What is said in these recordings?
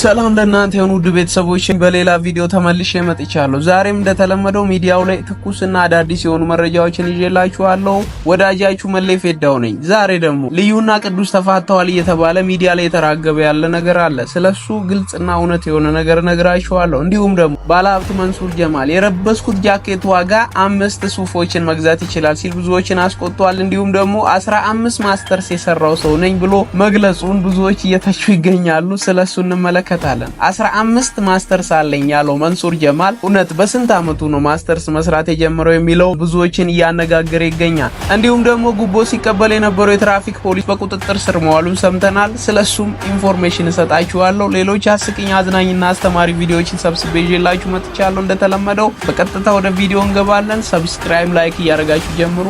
ሰላም ለእናንተ የሆኑ ውድ ቤተሰቦች በሌላ ቪዲዮ ተመልሼ መጥቻለሁ። ዛሬም እንደተለመደው ሚዲያው ላይ ትኩስና አዳዲስ የሆኑ መረጃዎችን ይዤላችኋለሁ። ወዳጃችሁ መለይ ፌዳው ነኝ። ዛሬ ደግሞ ልዩና ቅዱስ ተፋተዋል እየተባለ ሚዲያ ላይ የተራገበ ያለ ነገር አለ። ስለሱ ግልጽና እውነት የሆነ ነገር ነግራችኋለሁ። እንዲሁም ደግሞ ባለሀብት መንሱር ጀማል የረበስኩት ጃኬት ዋጋ አምስት ሱፎችን መግዛት ይችላል ሲል ብዙዎችን አስቆጥቷል። እንዲሁም ደግሞ አስራ አምስት ማስተርስ የሰራው ሰው ነኝ ብሎ መግለጹን ብዙዎች እየተቹ ይገኛሉ። ስለሱ እንመለከ እንመለከታለን። 15 አምስት ማስተርስ አለኝ ያለው መንሱር ጀማል እውነት በስንት አመቱ ነው ማስተርስ መስራት የጀመረው የሚለው ብዙዎችን እያነጋገረ ይገኛል። እንዲሁም ደግሞ ጉቦ ሲቀበል የነበረው የትራፊክ ፖሊስ በቁጥጥር ስር መዋሉን ሰምተናል። ስለሱም ኢንፎርሜሽን እሰጣችኋለሁ። ሌሎች አስቂኝ አዝናኝና አስተማሪ ቪዲዮዎችን ሰብስቤ ይዤላችሁ መጥቻለሁ። እንደተለመደው በቀጥታ ወደ ቪዲዮ እንገባለን። ሰብስክራይብ፣ ላይክ እያደረጋችሁ ጀምሩ።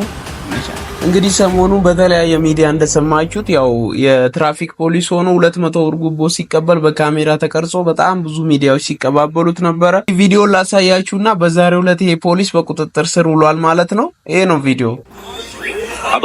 እንግዲህ ሰሞኑን በተለያየ ሚዲያ እንደሰማችሁት ያው የትራፊክ ፖሊስ ሆኖ ሁለት መቶ ብር ጉቦ ሲቀበል በካሜራ ተቀርጾ በጣም ብዙ ሚዲያዎች ሲቀባበሉት ነበረ። ቪዲዮ ላሳያችሁና በዛሬው ዕለት ይሄ ፖሊስ በቁጥጥር ስር ውሏል ማለት ነው። ይሄ ነው ቪዲዮ አባ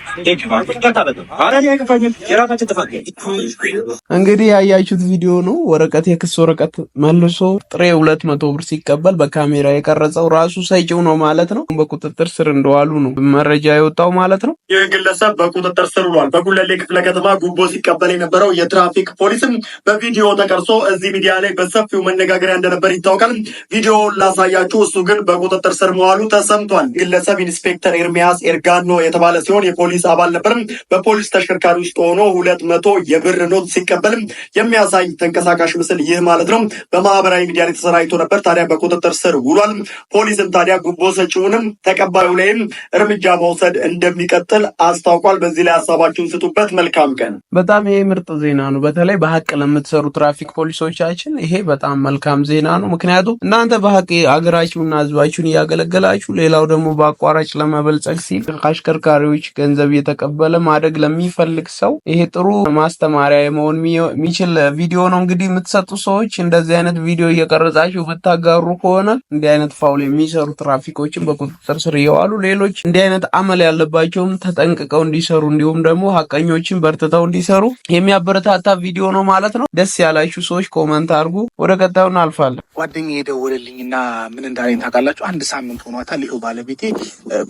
እንግዲህ ያያችሁት ቪዲዮ ነው። ወረቀት የክስ ወረቀት መልሶ ጥሬ ሁለት መቶ ብር ሲቀበል በካሜራ የቀረጸው ራሱ ሰጪው ነው ማለት ነው። በቁጥጥር ስር እንደዋሉ ነው መረጃ የወጣው ማለት ነው። ይህ ግለሰብ በቁጥጥር ስር ውሏል። በጉለሌ ክፍለ ከተማ ጉቦ ሲቀበል የነበረው የትራፊክ ፖሊስም በቪዲዮ ተቀርሶ እዚህ ሚዲያ ላይ በሰፊው መነጋገሪያ እንደነበር ይታወቃል። ቪዲዮውን ላሳያችሁ። እሱ ግን በቁጥጥር ስር መዋሉ ተሰምቷል። ግለሰብ ኢንስፔክተር ኤርሚያስ ኤርጋኖ የተባለ ሲሆን የፖሊስ የፖሊስ አባል ነበርም። በፖሊስ ተሽከርካሪ ውስጥ ሆኖ ሁለት መቶ የብር ኖት ሲቀበልም የሚያሳይ ተንቀሳቃሽ ምስል ይህ ማለት ነው። በማህበራዊ ሚዲያ ላይ ተሰራይቶ ነበር። ታዲያ በቁጥጥር ስር ውሏል። ፖሊስም ታዲያ ጉቦ ሰጪውንም ተቀባዩ ላይም እርምጃ መውሰድ እንደሚቀጥል አስታውቋል። በዚህ ላይ ሀሳባችሁን ስጡበት። መልካም ቀን። በጣም ይሄ ምርጥ ዜና ነው። በተለይ በሀቅ ለምትሰሩ ትራፊክ ፖሊሶቻችን ይሄ በጣም መልካም ዜና ነው። ምክንያቱም እናንተ በሀቅ አገራችሁና ህዝባችሁን እያገለገላችሁ፣ ሌላው ደግሞ በአቋራጭ ለመበልጸግ ሲል አሽከርካሪዎች ገንዘብ ገንዘብ እየተቀበለ ማደግ ለሚፈልግ ሰው ይሄ ጥሩ ማስተማሪያ የመሆን የሚችል ቪዲዮ ነው። እንግዲህ የምትሰጡ ሰዎች እንደዚህ አይነት ቪዲዮ እየቀረጻችሁ ብታጋሩ ከሆነ እንዲህ አይነት ፋውል የሚሰሩ ትራፊኮችን በቁጥጥር ስር እየዋሉ ሌሎች እንዲህ አይነት አመል ያለባቸውም ተጠንቅቀው እንዲሰሩ እንዲሁም ደግሞ ሀቀኞችን በርትተው እንዲሰሩ የሚያበረታታ ቪዲዮ ነው ማለት ነው። ደስ ያላችሁ ሰዎች ኮመንት አድርጉ። ወደ ቀጣዩ እናልፋለን። ጓደኛዬ የደወለልኝና ምን እንዳለኝ ታውቃላችሁ? አንድ ሳምንት ሆኗታል። ይኸው ባለቤቴ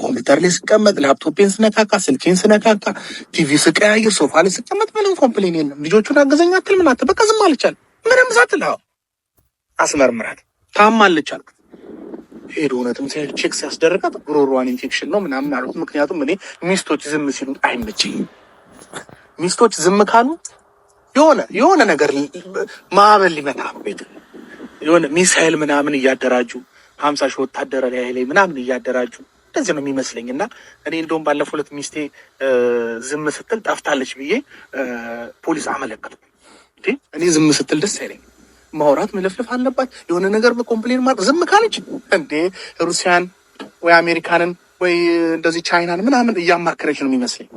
ኮምፒውተር ላይ ስቀመጥ ላፕቶፔን ስነካካ ስልኬ ፊቴን ስነካካ ቲቪ ስቀያየር ሶፋ ላይ ስቀመጥ ምንም ኮምፕሌን የለም። ልጆቹን አገዘኝ አትል ምን አትል በቃ ዝም አልቻል ምንም ሳትል አስመርምራት ታም አልኩት። ሄዶ እውነትም ቼክ ሲያስደርጋት ጉሮሮዋን ኢንፌክሽን ነው ምናምን አሉት። ምክንያቱም እኔ ሚስቶች ዝም ሲሉ አይመቸኝም። ሚስቶች ዝም ካሉ የሆነ የሆነ ነገር ማዕበል ሊመታ ቤት የሆነ ሚሳኤል ምናምን እያደራጁ ሀምሳ ሺህ ላይ ላይ ምናምን እያደራጁ እንደዚህ ነው የሚመስለኝ። እና እኔ እንደውም ባለፈው ዕለት ሚስቴ ዝም ስትል ጠፍታለች ብዬ ፖሊስ አመለከቱ። እኔ ዝም ስትል ደስ አይለኝ። ማውራት መለፍለፍ አለባት። የሆነ ነገር በኮምፕሌን ማድረግ ዝም ካለች እንዴ ሩሲያን ወይ አሜሪካንን ወይ እንደዚህ ቻይናን ምናምን እያማከረች ነው የሚመስለኝ።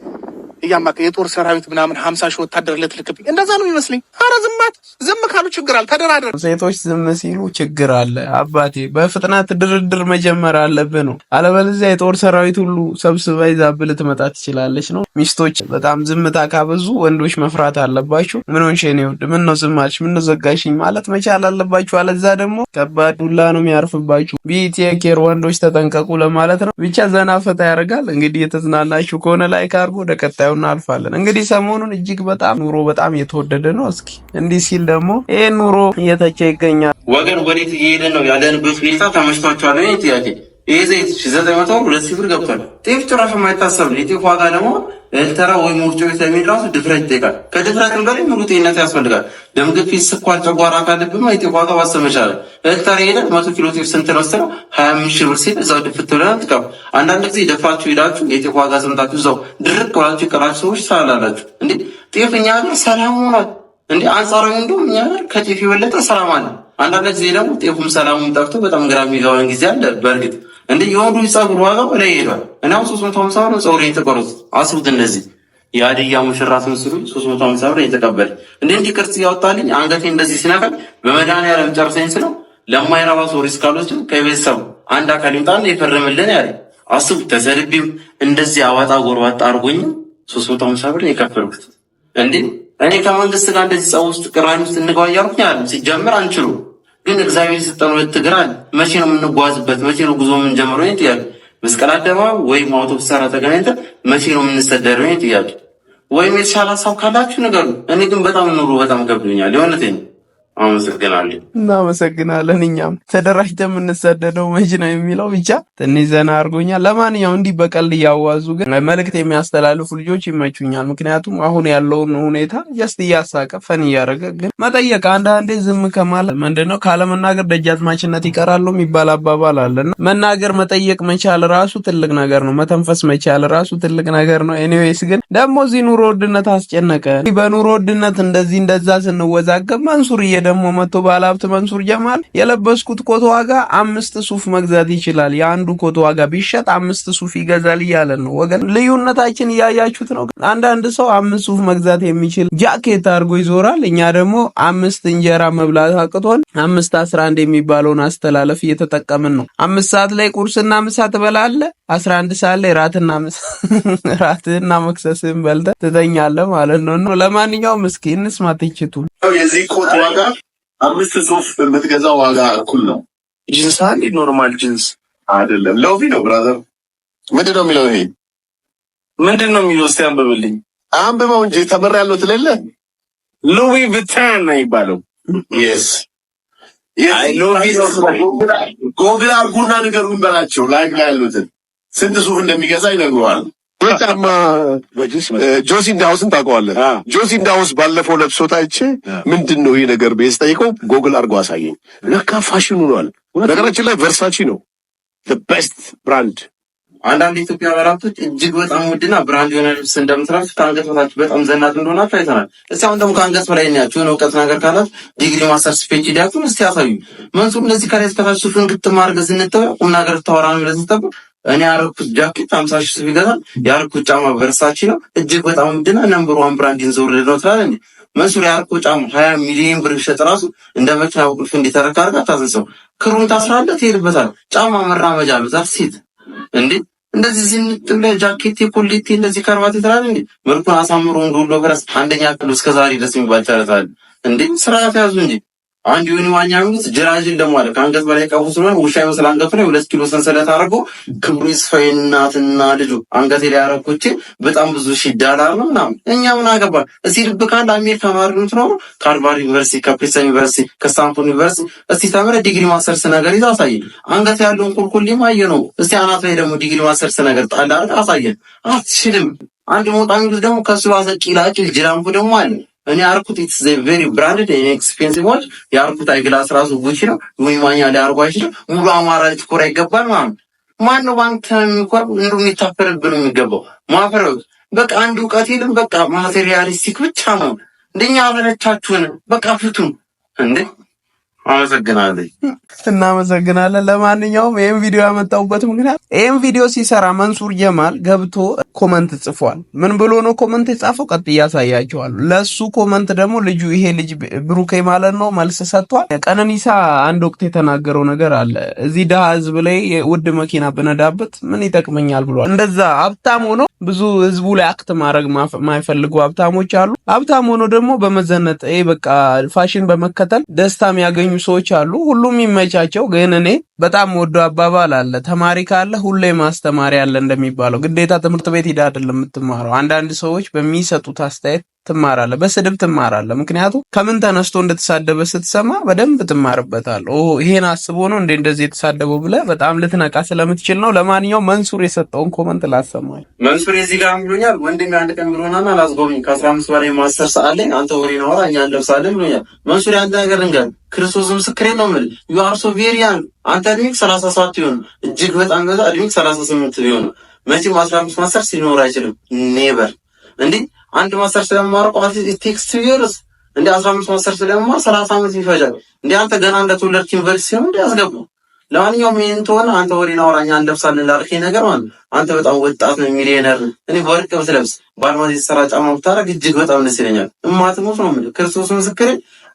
እያማከ የጦር ሰራዊት ምናምን ሀምሳ ሺህ ወታደር ልትልክብኝ እንደዛ ነው የሚመስለኝ። አረ ዝማት ዝም ካሉ ችግር አለ፣ ተደራደር። ሴቶች ዝም ሲሉ ችግር አለ አባቴ። በፍጥነት ድርድር መጀመር አለብህ ነው፣ አለበለዚያ የጦር ሰራዊት ሁሉ ሰብስባ ይዛብህ ልትመጣ ትችላለች ነው። ሚስቶች በጣም ዝምታ ካበዙ ወንዶች መፍራት አለባችሁ። ምን ሆንሽ የኔ ውድ፣ ምን ነው ዝም አልሽ፣ ምን ነው ዘጋሽኝ ማለት መቻል አለባችሁ። አለዛ ደግሞ ከባድ ዱላ ነው የሚያርፍባችሁ። ቢቴኬር ወንዶች ተጠንቀቁ ለማለት ነው። ብቻ ዘና ፈታ ያደርጋል። እንግዲህ የተዝናናችሁ ከሆነ ላይክ አድርጎ ወደ ቀጣይ ቀጣዩን እናልፋለን። እንግዲህ ሰሞኑን እጅግ በጣም ኑሮ በጣም የተወደደ ነው። እስኪ እንዲህ ሲል ደግሞ ይሄ ኑሮ እየተቸ ይገኛል። ወገን ወዴት እየሄደ ነው? ያለንበት ሁኔታ ተመችቷቸዋል? ጥያቄ ይህ ዘይት ሺ ዘጠኝ መቶ ሁለት ሺህ ብር ገብቷል። ጤፍ ጭራሽ የማይታሰብ የጤፍ ዋጋ ደግሞ ኤልተራ ቤት ራሱ ድፍረት ይጠይቃል። ከድፍረትም በላይ ሙሉ ጤንነት ያስፈልጋል። ደም ግፊት፣ ስኳር፣ ጨጓራ ካለብማ የጤፍ ዋጋ ባሰመሻለ ኤልተራ መቶ ኪሎ ጤፍ ስንት ነው ስለው ሀያ አምስት ሺህ ብር ሲል እዛው ድፍት አንዳንድ ጊዜ ሄዳችሁ የጤፍ ዋጋ ሰምታችሁ እዛው ድርቅ ብላችሁ የቀራችሁ ሰዎች ሳላላችሁ እንዴ ጤፍ እኛ ሀገር ሰላም ሆኗል እንዴ አንጻራዊ እንዲሁም እኛ ሀገር ከጤፍ የበለጠ ሰላም አለ። አንዳንድ ጊዜ ደግሞ ጤፉም ሰላሙም ጠፍቶ በጣም ግራ የሚገባን ጊዜ አለ። በእርግጥ እንደ የወዱ ጸጉር ዋጋው ወደ ሄዷል። እኔ አሁን ሶስት መቶ ሀምሳ ብር ጸጉር የተቆረጡ አስቡት። እንደዚህ የአድያ ሙሽራት ምስሉ ሶስት መቶ ሀምሳ ብር የተቀበለ እንደ እንዲህ ቅርጽ እያወጣልኝ አንገቴ እንደዚህ ሲነካል በመድኃኒዓለም ጨርሰኝ ስለው ለማይረባ ሰው ሪስክ አልወስድም ከቤተሰቡ አንድ አካል ይምጣና የፈረምልን ያለ አስቡት። ተሰልቤም እንደዚህ አዋጣ ጎርባጣ አርጎኝም ሶስት መቶ ሀምሳ ብር የከፈልኩት እንዲህ እኔ ከመንግስት ጋር እንደዚህ ጸብ ውስጥ ቅራኔ ውስጥ እንግባ እያልኩኝ አለ ሲጀምር አንችሉ ግን እግዚአብሔር የሰጠን ሁለት መቼ ነው የምንጓዝበት? መቼ ነው ጉዞ የምንጀምረው? ይህ ጥያቄ መስቀል አደባባይ ወይም አውቶቡስ ተራ ተገናኝተን መቼ ነው የምንሰደረው? ይህ ጥያቄ ወይም የተሻለ ሀሳብ ካላችሁ ንገሩ። እኔ ግን በጣም ኑሮ በጣም ገብዶኛል። የእውነቴን ነው። አመሰግናለን። እናመሰግናለን። እኛም ተደራጅተ የምንሰደደው መች ነው የሚለው ብቻ ትንሽ ዘና አድርጎኛል። ለማንኛውም እንዲህ በቀል እያዋዙ ግን መልእክት የሚያስተላልፉ ልጆች ይመቹኛል። ምክንያቱም አሁን ያለውን ሁኔታ ጀስት እያሳቀ ፈን እያደረገ ግን መጠየቅ አንዳንዴ ዝም ከማለት ምንድን ካለመናገር ደጃዝማችነት ይቀራሉ የሚባል አባባል አለና መናገር መጠየቅ መቻል ራሱ ትልቅ ነገር ነው። መተንፈስ መቻል ራሱ ትልቅ ነገር ነው። ኤኒዌይስ ግን ደግሞ እዚህ ኑሮ ውድነት አስጨነቀ። በኑሮ ውድነት እንደዚህ እንደዛ ስንወዛገብ መንሱር እየ ደግሞ መቶ ባለሀብት መንሱር ጀማል የለበስኩት ኮት ዋጋ አምስት ሱፍ መግዛት ይችላል፣ የአንዱ ኮት ዋጋ ቢሸጥ አምስት ሱፍ ይገዛል እያለ ነው ወገን። ልዩነታችን እያያችሁት ነው። አንዳንድ ሰው አምስት ሱፍ መግዛት የሚችል ጃኬት አድርጎ ይዞራል። እኛ ደግሞ አምስት እንጀራ መብላት አቅቶን አምስት አስራ አንድ የሚባለውን አስተላለፍ እየተጠቀምን ነው። አምስት ሰዓት ላይ ቁርስና ምሳ ትበላለህ። አስራ አንድ ሰዓት ላይ ራትና ራትና መክሰስን በልተ ትተኛለህ ማለት ነው። ለማንኛውም እስኪ እንስማ ትችቱን ነው የዚህ ኮት ዋጋ አምስት ሱፍ የምትገዛ ዋጋ እኩል ነው። ጅንስ አለ ኖርማል ጅንስ አይደለም፣ ሎፊ ነው ብራዘር። ምንድን ነው የሚለው? ይሄ ምንድን ነው የሚለው? እስቲ አንብብልኝ። አንብበው እንጂ ተመራ ያለው ትለለ ሉዊ ቪታን ነው የሚባለው። ስ ጎግል አርጉና ንገሩን በላቸው። ላይ ላይ ያሉትን ስንት ሱፍ እንደሚገዛ ይነግረዋል። ወይ ጫማ ጆሲ እንዳውስን ታውቀዋለህ? ጆሲ እንዳውስ ባለፈው ለብሶት አይቼ ምንድን ነው ይህ ነገር ብዬ ስጠይቀው ጎግል አድርጎ አሳየኝ። ለካ ፋሽን ሆኗል። ነገራችን ላይ ቨርሳቺ ነው ቤስት ብራንድ። አንዳንድ የኢትዮጵያ ባለሀብቶች እጅግ በጣም ውድና ብራንድ የሆነ ልብስ እንደምትለብሱ ከአንገት በታችሁ በጣም ዘናጭ እንደሆናችሁ አይተናል። እስቲ አሁን ደግሞ ከአንገት በላይ ናችሁ የሆነ እውቀት ነገር ካላት ዲግሪ ማስተርስ ፔጅ ዲያቱን እስቲ ያሳዩ። መንሱር እንደዚህ ከላይ እስከታች ሱፍ እንግት ማድረግ ቁም ነገር ታወራ ነው ብለህ ስትጠብቅ እኔ ያረኩት ጃኬት ሀምሳ ሺህ ስብ ይገዛል። ያረኩት ጫማ ቨርሳቺ ነው እጅግ በጣም ምድና ነምበር ዋን ብራንድ ዘውርድ ነው ትላለ። መንሱር ያረኩት ጫማ ሀያ ሚሊዮን ብር ሸጥ ራሱ እንደ መኪና ቁልፍ እንዲተረካ አርጋ ታዘዘው። ክሩን ታስራለ፣ ትሄድበታል። ጫማ መራመጃ ነው ዛር ሴት እንዴ እንደዚህ ዝንጥ ብለ ጃኬት ኮሌቴ እንደዚህ ከርባት ትላለ። እንዴ መልኩን አሳምሮ እንዱሎ ፈረስ አንደኛ ክፍል እስከዛሬ ደስ የሚባል ቻለታል። እንዴ ስራ ያዙ እንዴ አንድ ዮኒ ማኛ ቢሉት ጅራጅን ደሞ አለ ከአንገት በላይ ቀፉ ስለሆነ ውሻ ይመስል አንገቱ ላይ ሁለት ኪሎ ሰንሰለት አድርጎ ክብሩ ይስፋ እናትና ልጁ አንገቴ ላይ ያረኩት በጣም ብዙ ሺ ዳላር ነው ምናምን። እኛ ምን አገባል? እስቲ ልብ ካለ አሜሪካ ተማሪ የምትኖሩ ከሃርቫርድ ዩኒቨርሲቲ፣ ከፕሪንስተን ዩኒቨርሲቲ፣ ከስታንፎርድ ዩኒቨርሲቲ እስቲ ተምረ ዲግሪ ማሰርስ ነገር ይዘ አሳየን። አንገት ያለውን ኩልኩል ማየ ነው። እስቲ አናት ላይ ደግሞ ዲግሪ ማሰርስ ነገር ጣል አድርግ አሳየን። አትችልም። አንድ ሞጣ ሚሉት ደግሞ ከሱ ባሰ ቂላቂል ጅራንፉ ደግሞ አለ እኔ አርኩት ኢትስ ቬሪ ብራንድድ ኤክስፔንሲቭ ሆን የአርኩት አይግላስ ራሱ ጉቺ ነው ወይ ማኛ ሊያርጉ አይችልም። ሙሉ አማራ ልትኮራ ይገባል ማለት ማን ነው ባንተ የሚኮራ እንዱ የሚታፈርብን የሚገባው ማፈር በቃ አንድ እውቀት የለም በቃ ማቴሪያሊስቲክ ብቻ ነው። እንደኛ አበረታችሁን በቃ ፍቱን እንዴ አመሰግናለኝ እናመሰግናለን። ለማንኛውም ይህም ቪዲዮ ያመጣሁበት ምክንያት ይህም ቪዲዮ ሲሰራ መንሱር ጀማል ገብቶ ኮመንት ጽፏል። ምን ብሎ ነው ኮመንት የጻፈው? ቀጥ እያሳያቸዋል። ለሱ ኮመንት ደግሞ ልጁ ይሄ ልጅ ብሩኬ ማለት ነው መልስ ሰጥቷል። ቀነኒሳ አንድ ወቅት የተናገረው ነገር አለ። እዚህ ድሃ ህዝብ ላይ ውድ መኪና ብነዳበት ምን ይጠቅመኛል ብሏል። እንደዛ ሀብታም ሆኖ ብዙ ህዝቡ ላይ አክት ማድረግ ማይፈልጉ ሀብታሞች አሉ። ሀብታም ሆኖ ደግሞ በመዘነጥ በቃ ፋሽን በመከተል ደስታ የሚያገኙ ሰዎች አሉ። ሁሉም የሚመቻቸው ግን እኔ በጣም ወዶ አባባል አለ ተማሪ ካለ ሁሌ ማስተማሪ አለ እንደሚባለው ግዴታ ትምህርት ቤት ሂዳ አይደለም የምትማረው። አንዳንድ ሰዎች በሚሰጡት አስተያየት ትማራለህ፣ በስድብ ትማራለህ። ምክንያቱም ከምን ተነስቶ እንደተሳደበ ስትሰማ በደንብ ትማርበታል። ኦ ይሄን አስቦ ነው እንዴ እንደዚህ የተሳደበው ብለህ በጣም ልትነቃ ስለምትችል ነው። ለማንኛውም መንሱር የሰጠውን ኮመንት ላሰማኝ። መንሱር የዚህ ጋር ብሎኛል፣ ወንድሜ አንድ ቀን ብሎናል፣ አላስጎብኝ ከአስራ አምስት በላይ ማስተር ሰዓት አንተ ወሬ ነውራ እኛ እንለብሳለን ብሎኛል። መንሱር አንድ ነገር እንገር ክርስቶስ ምስክሬ ነው ምል ዩ አር ሶ ቬሪያን አንተ እድሜክ ሰላሳ ሰባት ቢሆን እጅግ በጣም ገዛ እድሜክ ሰላሳ ስምንት ቢሆን መቼም አስራ አምስት ማስተር ሲኖር አይችልም ኔበር እንዲህ አንድ ማስተር ስለመማር ቋት ቴክስት ይርስ እንደ 15 ማስተር ስለመማር 30 አመት ይፈጃል። እንደ አንተ ገና እንደ እንደተወለድክ ዩኒቨርሲቲ ነው እንደ ያስገቡ። ለማንኛውም ይሄን ተሆነ አንተ ወሬና ወራኛ አንለብሳለን ላልከኝ ነገር ማለት አንተ በጣም ወጣት ነው ሚሊዮነር። እኔ ወርቅ ብትለብስ ባልማዝ የተሰራ ጫማ ብታረግ እጅግ በጣም ደስ ይለኛል። እማትሞት ነው የምልህ ክርስቶስ ምስክሬ።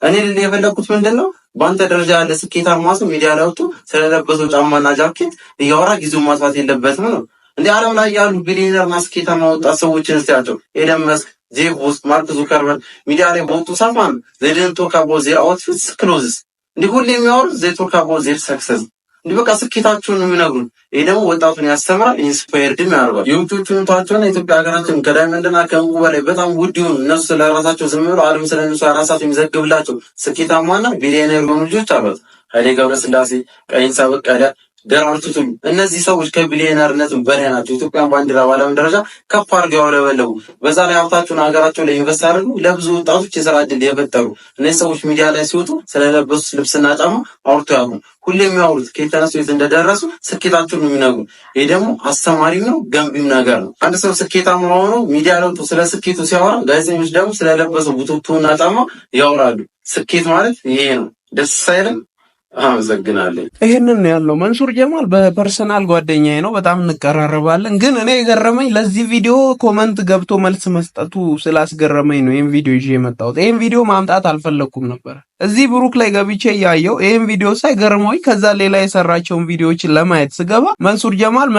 እኔ ልልህ የፈለኩት ምንድን ነው በአንተ ደረጃ ያለ ስኬታማ ሰው ሚዲያ ላይ ወጥቶ ስለለበሰው ጫማና ጃኬት እያወራ ጊዜውን ማጥፋት የለበትም ነው እንዲህ ዓለም ላይ ያሉ ቢሊየነር እና ስኬታማ ወጣት ሰዎችን እስቲያቸው ኤደን መስክ፣ ዜቭ ውስጥ ማርክ ዙከርበርግ ሚዲያ ላይ በወጡ ሰማን ዘደን ቶክ አባውት ዜር አውትፊትስ ክሎዝስ እንዲህ ሁሌ የሚያወሩ ዘ ቶክ አባውት ዜር ሰክሰስ እንዲህ በቃ ስኬታቸውን የሚነግሩን። ይህ ደግሞ ወጣቱን ያስተምራል፣ ኢንስፓየርድም ያደርጋል። የውጮቹንታቸውና ኢትዮጵያ ሀገራችን ከዳይመንድና ከእንቁ በላይ በጣም ውድ ይሁን። እነሱ ስለራሳቸው ዝም ብሎ ዓለም ስለነሱ ራሳቸው የሚዘግብላቸው ስኬታማና ቢሊየነር የሆኑ ልጆች አሏት። ኃይሌ ገብረስላሴ፣ ቀነኒሳ በቀለ ደራርቱትም እነዚህ ሰዎች ከቢሊዮነርነትም በላይ ናቸው። ኢትዮጵያን ባንዲራ በዓለም ደረጃ ከፍ አድርገው ያውለበለቡ፣ በዛ ላይ ሀብታቸውን ሀገራቸው ላይ ኢንቨስት አድርገው ለብዙ ወጣቶች የስራ እድል የፈጠሩ እነዚህ ሰዎች ሚዲያ ላይ ሲወጡ ስለለበሱት ልብስና ጫማ አውርቶ ያሉ ሁሌ የሚያወሩት ከየት ተነስተው የት እንደደረሱ ስኬታቸውን የሚነግሩ ይህ ደግሞ አስተማሪም ነው ገንቢም ነገር ነው። አንድ ሰው ስኬታማ ሆኖ ሚዲያ ለውጡ ስለ ስኬቱ ሲያወራ፣ ጋዜጠኞች ደግሞ ስለለበሱ ቡትቶና ጫማ ያወራሉ። ስኬት ማለት ይሄ ነው። ደስ አይልም? አመሰግናለሁ። ይህንን ያለው መንሱር ጀማል በፐርሰናል ጓደኛዬ ነው፣ በጣም እንቀራረባለን። ግን እኔ የገረመኝ ለዚህ ቪዲዮ ኮመንት ገብቶ መልስ መስጠቱ ስላስገረመኝ ነው ይህን ቪዲዮ ይዤ የመጣሁት። ይህን ቪዲዮ ማምጣት አልፈለግኩም ነበር እዚህ ብሩክ ላይ ገብቼ እያየው ይህን ቪዲዮ ሳይ ገርሞኝ ከዛ ሌላ የሰራቸውን ቪዲዮዎችን ለማየት ስገባ መንሱር ጀማል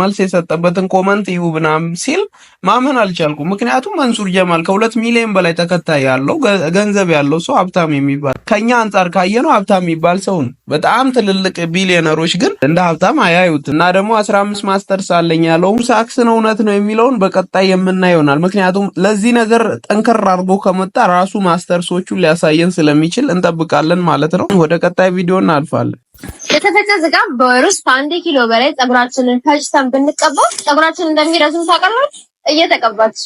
መልስ የሰጠበትን ኮመንት ይሁ ብናም ሲል ማመን አልቻልኩም። ምክንያቱም መንሱር ጀማል ከሁለት ሚሊዮን በላይ ተከታይ ያለው ገንዘብ ያለው ሰው ሀብታም የሚባል ከኛ አንጻር ካየነው ሀብታም የሚባል ሰው ነው። በጣም ትልልቅ ቢሊዮነሮች ግን እንደ ሀብታም አያዩት እና ደግሞ አስራ አምስት ማስተርስ አለኝ ያለውም ነው እውነት ነው የሚለውን በቀጣይ የምናየው ይሆናል። ምክንያቱም ለዚህ ነገር ጠንከር አድርጎ ከመጣ ራሱ ማስተርሶቹን ሊያሳየን ስለ ስለሚችል እንጠብቃለን ማለት ነው። ወደ ቀጣይ ቪዲዮ እናልፋለን። የተፈጨ ስጋ በወር ውስጥ ከአንድ ኪሎ በላይ ጸጉራችንን ፈጭተን ብንቀባው ጸጉራችን እንደሚረዝም ታውቃለች። እየተቀባች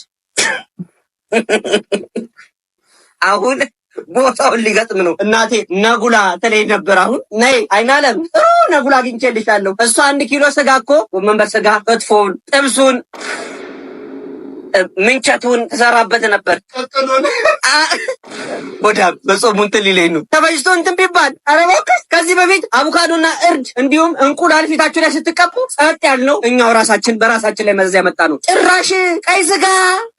አሁን ቦታውን ሊገጥም ነው። እናቴ ነጉላ ተለይ ነበር። አሁን ነይ አይናለም ጥሩ ነጉላ አግኝቼልሻለሁ። እሷ አንድ ኪሎ ስጋ እኮ ጎመን በስጋ ክትፎውን ጥብሱን ምንቸቱን ትሰራበት ነበር። ወዳ በጾሙ እንትን ሊለኝ ነው ተበጅቶ እንትን ቢባል ኧረ ከዚህ በፊት አቮካዶና እርድ እንዲሁም እንቁላል ፊታችሁ ላይ ስትቀቡ ጸጥ ያልነው እኛው ራሳችን በራሳችን ላይ መዘዝ ያመጣ ነው። ጭራሽ ቀይ ስጋ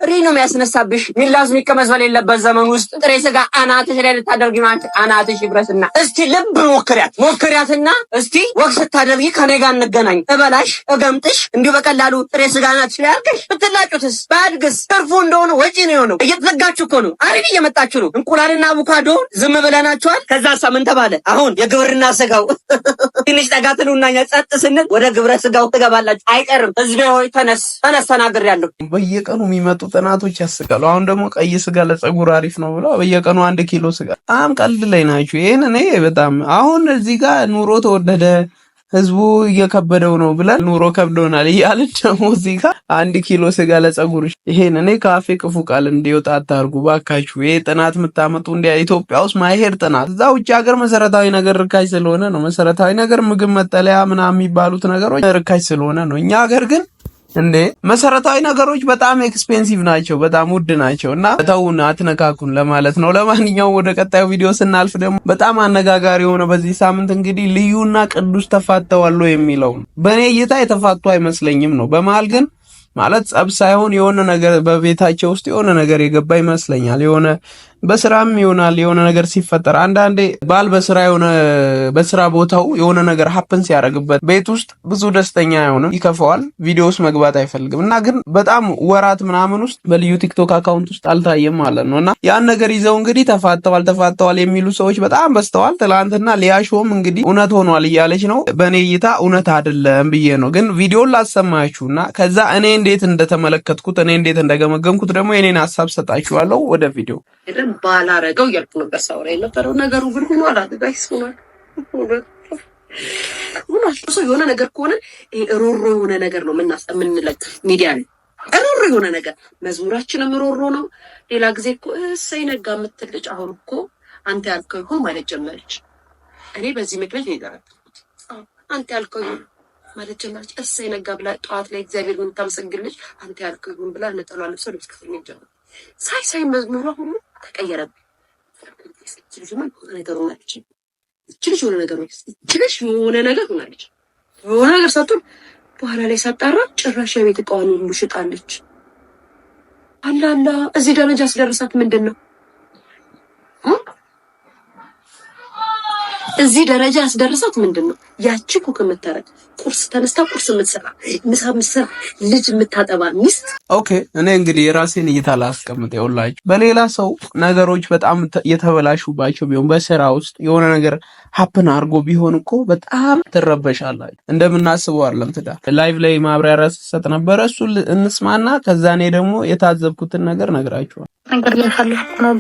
ሪ ነው የሚያስነሳብሽ። ሚላዝ የሚቀመስ በሌለበት ዘመን ውስጥ ጥሬ ስጋ አናትሽ ላይ ልታደርጊ ናቸው። አናትሽ ይብረስና እስቲ ልብ ሞክሪያት ሞክሪያትና እስቲ ወቅ ስታደርጊ ከኔ ጋር እንገናኝ። እበላሽ እገምጥሽ እንዲሁ በቀላሉ ጥሬ ስጋ አናትሽ ላይ አልከሽ ብትላጩትስ እናድግስ? ትርፉ እንደሆነ ወጪ ነው የሆነው። እየተዘጋችሁ እኮ ነው። አሪፍ እየመጣችሁ ነው። እንቁላልና አቮካዶ ዝም ብለናቸዋል ከዛ ሳምን ምን ተባለ? አሁን የግብርና ስጋው ትንሽ ጠጋትን ውናኛ ጸጥ ስንል ወደ ግብረ ስጋው ትገባላችሁ። አይቀርም። ህዝቤ ሆይ ተነስ፣ ተነስ ተናግር ያለሁ በየቀኑ የሚመጡ ጥናቶች ያስቃሉ። አሁን ደግሞ ቀይ ስጋ ለጸጉር አሪፍ ነው ብለው በየቀኑ አንድ ኪሎ ስጋ በጣም ቀልድ ላይ ናቸው። ይህን እኔ በጣም አሁን እዚህ ጋር ኑሮ ተወደደ ህዝቡ እየከበደው ነው ብለን ኑሮ ከብዶናል እያልን ደግሞ እዚህ ጋር አንድ ኪሎ ስጋ ለጸጉር ይሄን እኔ ካፌ ክፉ ቃል እንዲወጣ አታርጉ ባካችሁ። ይሄ ጥናት የምታመጡ እንዲ ኢትዮጵያ ውስጥ ማይሄድ ጥናት። እዛ ውጭ ሀገር መሰረታዊ ነገር ርካሽ ስለሆነ ነው። መሰረታዊ ነገር ምግብ፣ መጠለያ ምናምን የሚባሉት ነገሮች ርካሽ ስለሆነ ነው። እኛ ሀገር ግን እንዴ መሰረታዊ ነገሮች በጣም ኤክስፔንሲቭ ናቸው፣ በጣም ውድ ናቸው እና ተውን አትነካኩን ለማለት ነው። ለማንኛውም ወደ ቀጣዩ ቪዲዮ ስናልፍ ደግሞ በጣም አነጋጋሪ የሆነ በዚህ ሳምንት እንግዲህ ልዩና ቅዱስ ተፋተዋል የሚለው በእኔ እይታ የተፋቱ አይመስለኝም ነው። በመሀል ግን ማለት ጸብ ሳይሆን የሆነ ነገር በቤታቸው ውስጥ የሆነ ነገር የገባ ይመስለኛል የሆነ በስራም ይሆናል የሆነ ነገር ሲፈጠር አንዳንዴ ባል በስራ የሆነ በስራ ቦታው የሆነ ነገር ሀፕን ሲያደርግበት ቤት ውስጥ ብዙ ደስተኛ አይሆንም፣ ይከፈዋል ቪዲዮ ውስጥ መግባት አይፈልግም እና ግን በጣም ወራት ምናምን ውስጥ በልዩ ቲክቶክ አካውንት ውስጥ አልታየም ማለት ነው እና ያን ነገር ይዘው እንግዲህ ተፋተዋል ተፋተዋል የሚሉ ሰዎች በጣም በስተዋል። ትላንትና ሊያሾም እንግዲህ እውነት ሆኗል እያለች ነው። በእኔ እይታ እውነት አይደለም ብዬ ነው ግን ቪዲዮን ላሰማችሁ እና ከዛ እኔ እንዴት እንደተመለከትኩት እኔ እንዴት እንደገመገምኩት ደግሞ የኔን ሀሳብ ሰጣችኋለሁ ወደ ቪዲዮ ነገር ባላረገው እያልኩ ነበር ሳውራ የነበረው። ነገሩ ግን ሆኖ አደጋይስ ሆኗል ሆኗል። ሰው የሆነ ነገር ከሆነ ሮሮ የሆነ ነገር ነው ምናስ የምንለቅ ሚዲያ ነው ሮሮ የሆነ ነገር መዝሙራችንም ሮሮ ነው። ሌላ ጊዜ እኮ እሰይ ነጋ የምትል ልጅ አሁን እኮ አንተ ያልከው ይሆን ማለት ጀመረች። እኔ በዚህ ምክንያት ይደረኩት አንተ ያልከው ይሆን ማለት ጀመረች። እሰይ ነጋ ብላ ጠዋት ላይ እግዚአብሔር የምታመሰግን ልጅ አንተ ያልከው ይሆን ብላ ነጠሏ ለብሰው ልብስ ከፍኝ ጀመር ሳይ ሳይ መዝሙሯ ሁሉ ተቀየረብኝ። የሆነ ነገር ሆናለች። የሆነ ነገር ሆናለች። የሆነ ነገር ሳትሆን በኋላ ላይ ሳጣራ ጭራሽ የቤት እቃዋን ሁሉ ሽጣለች። አላላ እዚህ ደረጃ አስደረሳት ምንድን ነው እዚህ ደረጃ ያስደረሳት ምንድን ነው? ያቺ ኩክ የምታረግ ቁርስ ተነስታ ቁርስ የምትሰራ ምሳ ምሰራ ልጅ የምታጠባ ሚስት። ኦኬ እኔ እንግዲህ የራሴን እይታ ላስቀምጥ። ይኸውላችሁ በሌላ ሰው ነገሮች በጣም የተበላሹባቸው ቢሆን በስራ ውስጥ የሆነ ነገር ሀፕን አድርጎ ቢሆን እኮ በጣም ትረበሻላችሁ። እንደምናስበው አይደለም ትዳር። ላይቭ ላይ ማብራሪያ ሰጥ ነበረ፣ እሱ እንስማና ከዛ እኔ ደግሞ የታዘብኩትን ነገር ነግራችኋል። ነገር ነው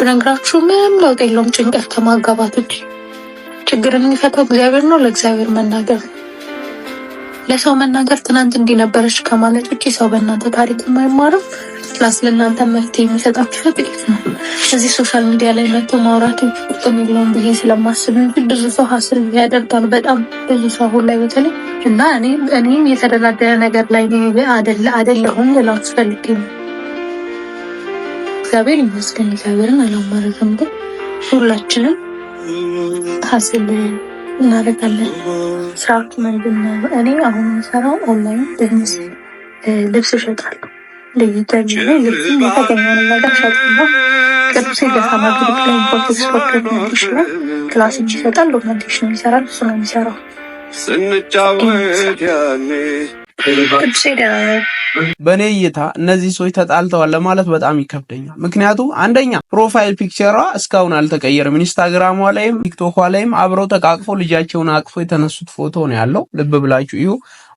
ብነግራችሁ ምንም ለውጥ የለውም። ጭንቀት ከማጋባት ውጭ ችግርን የሚፈታው እግዚአብሔር ነው። ለእግዚአብሔር መናገር ለሰው መናገር ትናንት እንዲነበረች ከማለት ውጭ ሰው በእናንተ ታሪክ የማይማርም ፕላስ ለእናንተ መፍትሄ የሚሰጣችሁ ጥቂት ነው። እዚህ ሶሻል ሚዲያ ላይ መጥቶ ማውራት ጥቅም የለውም ብዬ ስለማስብ እንጂ ብዙ ሰው ሀስል ያደርጋል። በጣም ብዙ ሰው አሁን ላይ በተለይ እና እኔም የተደላደለ ነገር ላይ አደለሁም ልላችሁ ፈልጌ ነው። እግዚአብሔር ይመስገን። እግዚአብሔርን አላማረግም፣ ግን ሁላችንም ሀስል እናደርጋለን። ስራዎች ምንድን ነው? እኔ አሁን የሚሰራው ኦንላይን ቢዝነስ ልብስ እሸጣለሁ። ልዩተኛ ልብስ የተገኘውን ነገር ሸጥና ቅዱስ ገፋማ ግሩፕ ላይ ኢምፖርት ኤክስፖርት ዶክመንቴሽን ላይ ይሰጣል። ዶክመንቴሽን ይሰራል። እሱ ነው የሚሰራው ስንጫወት ያኔ በእኔ እይታ እነዚህ ሰዎች ተጣልተዋል ለማለት በጣም ይከብደኛል። ምክንያቱም አንደኛ ፕሮፋይል ፒክቸሯ እስካሁን አልተቀየርም። ኢንስታግራሟ ላይም ቲክቶኳ ላይም አብረው ተቃቅፎ ልጃቸውን አቅፎ የተነሱት ፎቶ ነው ያለው። ልብ ብላችሁ ይሁ።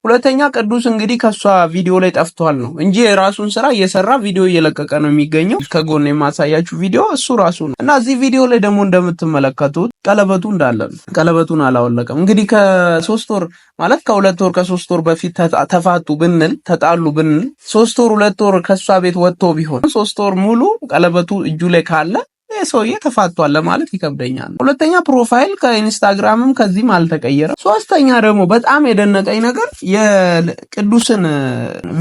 ሁለተኛ ቅዱስ እንግዲህ ከእሷ ቪዲዮ ላይ ጠፍቷል ነው እንጂ የራሱን ስራ እየሰራ ቪዲዮ እየለቀቀ ነው የሚገኘው። ከጎን የማሳያችሁ ቪዲዮ እሱ ራሱ ነው እና እዚህ ቪዲዮ ላይ ደግሞ እንደምትመለከቱት ቀለበቱ እንዳለ ነው። ቀለበቱን አላወለቀም። እንግዲህ ከሶስት ወር ማለት ከሁለት ወር ከሶስት ወር በፊት ተፋቱ ብንል ተጣሉ ብንል ሶስት ወር ሁለት ወር ከእሷ ቤት ወጥቶ ቢሆን ሶስት ወር ሙሉ ቀለበቱ እጁ ላይ ካለ ሰውዬ ተፋቷል ለማለት ይከብደኛል። ሁለተኛ ፕሮፋይል ከኢንስታግራምም ከዚህም አልተቀየረም። ሶስተኛ ደግሞ በጣም የደነቀኝ ነገር የቅዱስን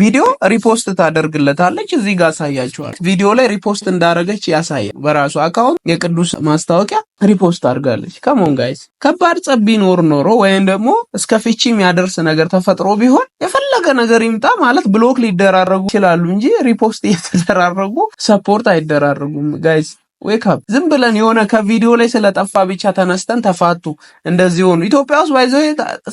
ቪዲዮ ሪፖስት ታደርግለታለች። እዚህ ጋር አሳያችኋል። ቪዲዮ ላይ ሪፖስት እንዳደረገች ያሳያል። በራሱ አካውንት የቅዱስ ማስታወቂያ ሪፖስት አድርጋለች። ከሞን ጋይስ ከባድ ጸብ ቢኖር ኖሮ ወይም ደግሞ እስከ ፍቺ የሚያደርስ ነገር ተፈጥሮ ቢሆን የፈለገ ነገር ይምጣ ማለት ብሎክ ሊደራረጉ ይችላሉ እንጂ ሪፖስት እየተደራረጉ ሰፖርት አይደራረጉም ጋይስ ዌክፕ ዝም ብለን የሆነ ከቪዲዮ ላይ ስለጠፋ ብቻ ተነስተን ተፋቱ እንደዚህ ሆኑ። ኢትዮጵያ ውስጥ ባይዘ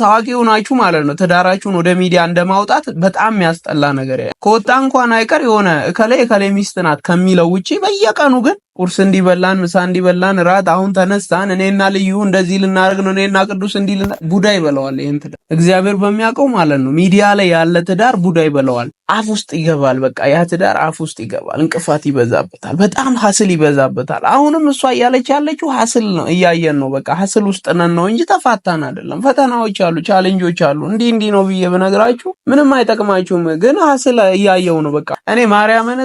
ታዋቂ ሆናችሁ ማለት ነው ትዳራችሁን ወደ ሚዲያ እንደማውጣት በጣም የሚያስጠላ ነገር ከወጣ እንኳን አይቀር የሆነ እከላይ እከላይ ሚስት ናት ከሚለው ውጭ በየቀኑ ግን ቁርስ እንዲበላን ምሳ እንዲበላን ራት አሁን ተነስታን እኔና ልዩ እንደዚህ ልናደርግ ነው እኔና ቅዱስ እንዲህ ቡዳ ይበለዋል። ይህን ትዳር እግዚአብሔር በሚያውቀው ማለት ነው። ሚዲያ ላይ ያለ ትዳር ቡዳ ይበለዋል፣ አፍ ውስጥ ይገባል። በቃ ያ ትዳር አፍ ውስጥ ይገባል። እንቅፋት ይበዛበታል፣ በጣም ሀስል ይበዛበታል። አሁንም እሷ እያለች ያለችው ሀስል ነው፣ እያየን ነው። በቃ ሀስል ውስጥ ነን ነው እንጂ ተፋታን አይደለም። ፈተናዎች አሉ፣ ቻሌንጆች አሉ። እንዲህ እንዲህ ነው ብዬ ብነግራችሁ ምንም አይጠቅማችሁም፣ ግን ሀስል እያየው ነው። በቃ እኔ ማርያምን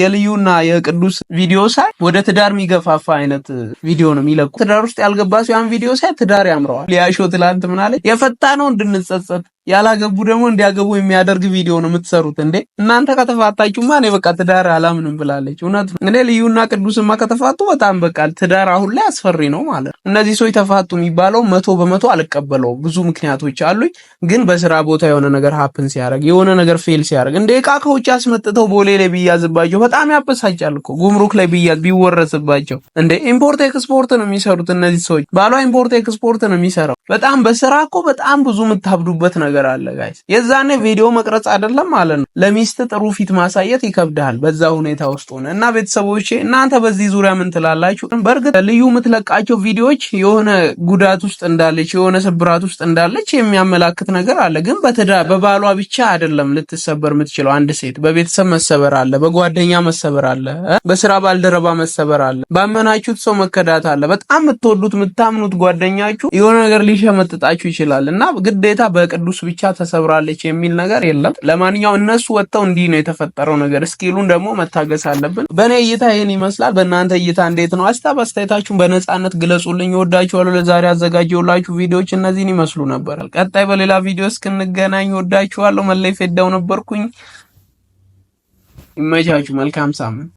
የልዩና የቅዱስ ቪዲዮ ሳይ ወደ ትዳር የሚገፋፋ አይነት ቪዲዮ ነው የሚለቁ። ትዳር ውስጥ ያልገባ ሲሆን ያን ቪዲዮ ሳይ ትዳር ያምረዋል። ሊያሾ ትላንት ምናለ የፈታ ነው እንድንጸጸት ያላገቡ ደግሞ እንዲያገቡ የሚያደርግ ቪዲዮ ነው የምትሰሩት እንዴ እናንተ ከተፋታችሁማ እኔ በቃ ትዳር አላምንም ብላለች እውነት እኔ ልዩና ቅዱስማ ከተፋቱ በጣም በቃ ትዳር አሁን ላይ አስፈሪ ነው ማለት ነው እነዚህ ሰዎች ተፋቱ የሚባለው መቶ በመቶ አልቀበለው ብዙ ምክንያቶች አሉኝ ግን በስራ ቦታ የሆነ ነገር ሀፕን ሲያደርግ የሆነ ነገር ፌል ሲያደርግ እንደ ዕቃ ከውጭ አስመጥተው ቦሌ ላይ ቢያዝባቸው በጣም ያበሳጫል እኮ ጉምሩክ ላይ ቢያዝ ቢወረስባቸው እንደ ኢምፖርት ኤክስፖርት ነው የሚሰሩት እነዚህ ሰዎች ባሏ ኢምፖርት ኤክስፖርት ነው የሚሰራው በጣም በስራ እኮ በጣም ብዙ የምታብዱበት ነገር ነገር አለ ጋይስ። የዛኔ ቪዲዮ መቅረጽ አይደለም ማለት ነው። ለሚስት ጥሩ ፊት ማሳየት ይከብዳል በዛ ሁኔታ ውስጥ ሆነ እና ቤተሰቦቼ፣ እናንተ በዚህ ዙሪያ ምን ትላላችሁ? በእርግጥ ልዩ የምትለቃቸው ቪዲዮዎች የሆነ ጉዳት ውስጥ እንዳለች የሆነ ስብራት ውስጥ እንዳለች የሚያመላክት ነገር አለ። ግን በትዳ በባሏ ብቻ አይደለም ልትሰበር የምትችለው አንድ ሴት በቤተሰብ መሰበር አለ፣ በጓደኛ መሰበር አለ፣ በስራ ባልደረባ መሰበር አለ፣ ባመናችሁት ሰው መከዳት አለ። በጣም የምትወዱት የምታምኑት ጓደኛችሁ የሆነ ነገር ሊሸመጥጣችሁ ይችላል እና ግዴታ በቅዱስ ኢየሱስ ብቻ ተሰብራለች የሚል ነገር የለም። ለማንኛውም እነሱ ወጥተው እንዲህ ነው የተፈጠረው ነገር እስኪሉን ደግሞ መታገስ አለብን። በእኔ እይታ ይህን ይመስላል። በእናንተ እይታ እንዴት ነው? አስታብ አስተያየታችሁን በነፃነት ግለጹልኝ። ወዳችኋለሁ። ለዛሬ አዘጋጀውላችሁ ቪዲዮዎች እነዚህን ይመስሉ ነበር። ቀጣይ በሌላ ቪዲዮ እስክንገናኝ ወዳችኋለሁ። መለይ ፌዳው ነበርኩኝ። ይመቻችሁ። መልካም ሳምንት